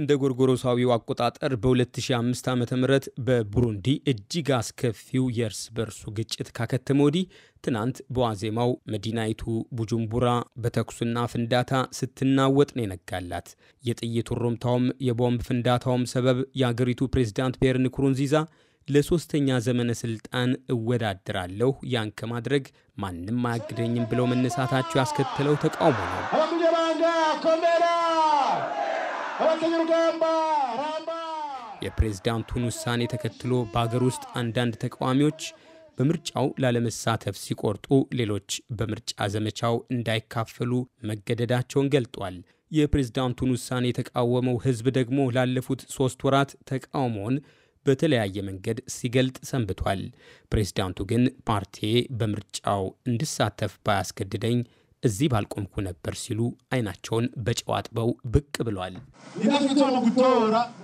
እንደ ጎርጎሮሳዊው አቆጣጠር በ2005 ዓ ም በቡሩንዲ እጅግ አስከፊው የእርስ በርሱ ግጭት ካከተመ ወዲህ ትናንት በዋዜማው መዲናይቱ ቡጁምቡራ በተኩስና ፍንዳታ ስትናወጥ ነው የነጋላት። የጥይቱ ሩምታውም የቦምብ ፍንዳታውም ሰበብ የአገሪቱ ፕሬዝዳንት ፒየር ንኩሩንዚዛ ለሶስተኛ ዘመነ ስልጣን እወዳደራለሁ፣ ያን ከማድረግ ማንም አያግደኝም ብለው መነሳታቸው ያስከተለው ተቃውሞ ነው። የፕሬዝዳንቱን ውሳኔ ተከትሎ በአገር ውስጥ አንዳንድ ተቃዋሚዎች በምርጫው ላለመሳተፍ ሲቆርጡ፣ ሌሎች በምርጫ ዘመቻው እንዳይካፈሉ መገደዳቸውን ገልጧል። የፕሬዝዳንቱን ውሳኔ የተቃወመው ሕዝብ ደግሞ ላለፉት ሦስት ወራት ተቃውሞውን በተለያየ መንገድ ሲገልጥ ሰንብቷል። ፕሬዝዳንቱ ግን ፓርቲዬ በምርጫው እንድሳተፍ ባያስገድደኝ እዚህ ባልቆምኩ ነበር ሲሉ አይናቸውን በጨዋ አጥበው ብቅ ብለዋል።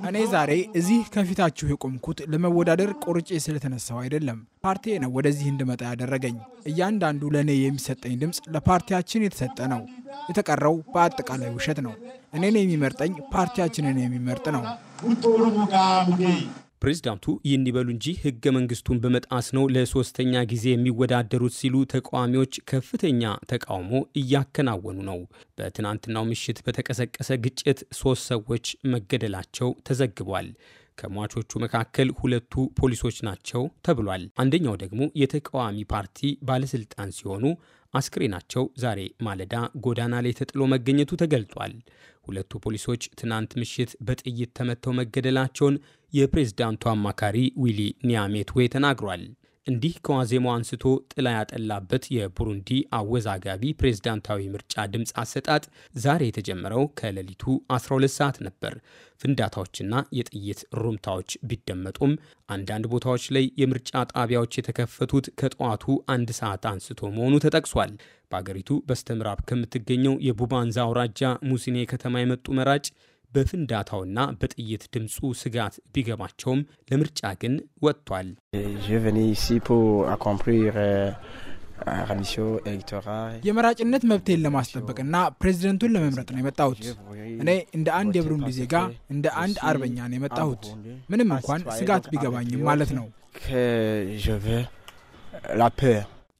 እኔ ዛሬ እዚህ ከፊታችሁ የቆምኩት ለመወዳደር ቆርጬ ስለተነሳው አይደለም። ፓርቲ ነው ወደዚህ እንድመጣ ያደረገኝ። እያንዳንዱ ለእኔ የሚሰጠኝ ድምፅ ለፓርቲያችን የተሰጠ ነው። የተቀረው በአጠቃላይ ውሸት ነው። እኔን የሚመርጠኝ ፓርቲያችንን የሚመርጥ ነው። ፕሬዚዳንቱ ይህን ይበሉ እንጂ ህገ መንግስቱን በመጣስ ነው ለሶስተኛ ጊዜ የሚወዳደሩት ሲሉ ተቃዋሚዎች ከፍተኛ ተቃውሞ እያከናወኑ ነው። በትናንትናው ምሽት በተቀሰቀሰ ግጭት ሶስት ሰዎች መገደላቸው ተዘግቧል። ከሟቾቹ መካከል ሁለቱ ፖሊሶች ናቸው ተብሏል። አንደኛው ደግሞ የተቃዋሚ ፓርቲ ባለስልጣን ሲሆኑ አስክሬናቸው ዛሬ ማለዳ ጎዳና ላይ ተጥሎ መገኘቱ ተገልጧል። ሁለቱ ፖሊሶች ትናንት ምሽት በጥይት ተመተው መገደላቸውን የፕሬዝዳንቱ አማካሪ ዊሊ ኒያሜትዌ ተናግሯል። እንዲህ ከዋዜማው አንስቶ ጥላ ያጠላበት የቡሩንዲ አወዛጋቢ ፕሬዝዳንታዊ ምርጫ ድምፅ አሰጣጥ ዛሬ የተጀመረው ከሌሊቱ 12 ሰዓት ነበር። ፍንዳታዎችና የጥይት ሩምታዎች ቢደመጡም አንዳንድ ቦታዎች ላይ የምርጫ ጣቢያዎች የተከፈቱት ከጠዋቱ አንድ ሰዓት አንስቶ መሆኑ ተጠቅሷል። በአገሪቱ በስተምዕራብ ከምትገኘው የቡባንዛ አውራጃ ሙሲኔ ከተማ የመጡ መራጭ በፍንዳታውና በጥይት ድምፁ ስጋት ቢገባቸውም ለምርጫ ግን ወጥቷል። euh, የመራጭነት መብቴን ለማስጠበቅና ፕሬዚደንቱን ለመምረጥ ነው የመጣሁት። እኔ እንደ አንድ የብሩንዲ ዜጋ እንደ አንድ አርበኛ ነው የመጣሁት፣ ምንም እንኳን ስጋት ቢገባኝም ማለት ነው።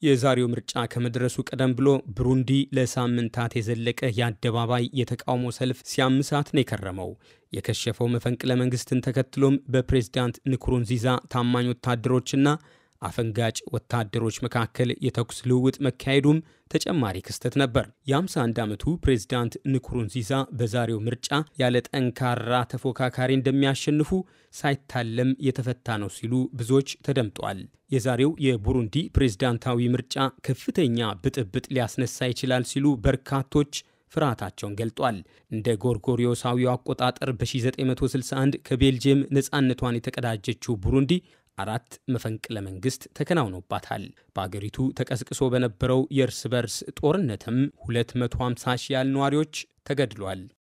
የዛሬው ምርጫ ከመድረሱ ቀደም ብሎ ብሩንዲ ለሳምንታት የዘለቀ የአደባባይ የተቃውሞ ሰልፍ ሲያምሳት ነው የከረመው። የከሸፈው መፈንቅለ መንግስትን ተከትሎም በፕሬዝዳንት ንኩሩንዚዛ ታማኝ ወታደሮችና አፈንጋጭ ወታደሮች መካከል የተኩስ ልውውጥ መካሄዱም ተጨማሪ ክስተት ነበር። የ51 ዓመቱ ፕሬዚዳንት ንኩሩንዚዛ በዛሬው ምርጫ ያለ ጠንካራ ተፎካካሪ እንደሚያሸንፉ ሳይታለም የተፈታ ነው ሲሉ ብዙዎች ተደምጠዋል። የዛሬው የቡሩንዲ ፕሬዝዳንታዊ ምርጫ ከፍተኛ ብጥብጥ ሊያስነሳ ይችላል ሲሉ በርካቶች ፍርሃታቸውን ገልጧል። እንደ ጎርጎሪዮሳዊው አቆጣጠር በ1961 ከቤልጅየም ነፃነቷን የተቀዳጀችው ቡሩንዲ አራት መፈንቅለ መንግስት ተከናውኖባታል። በአገሪቱ ተቀስቅሶ በነበረው የእርስ በርስ ጦርነትም 250 ሺህ ያህል ነዋሪዎች ተገድሏል።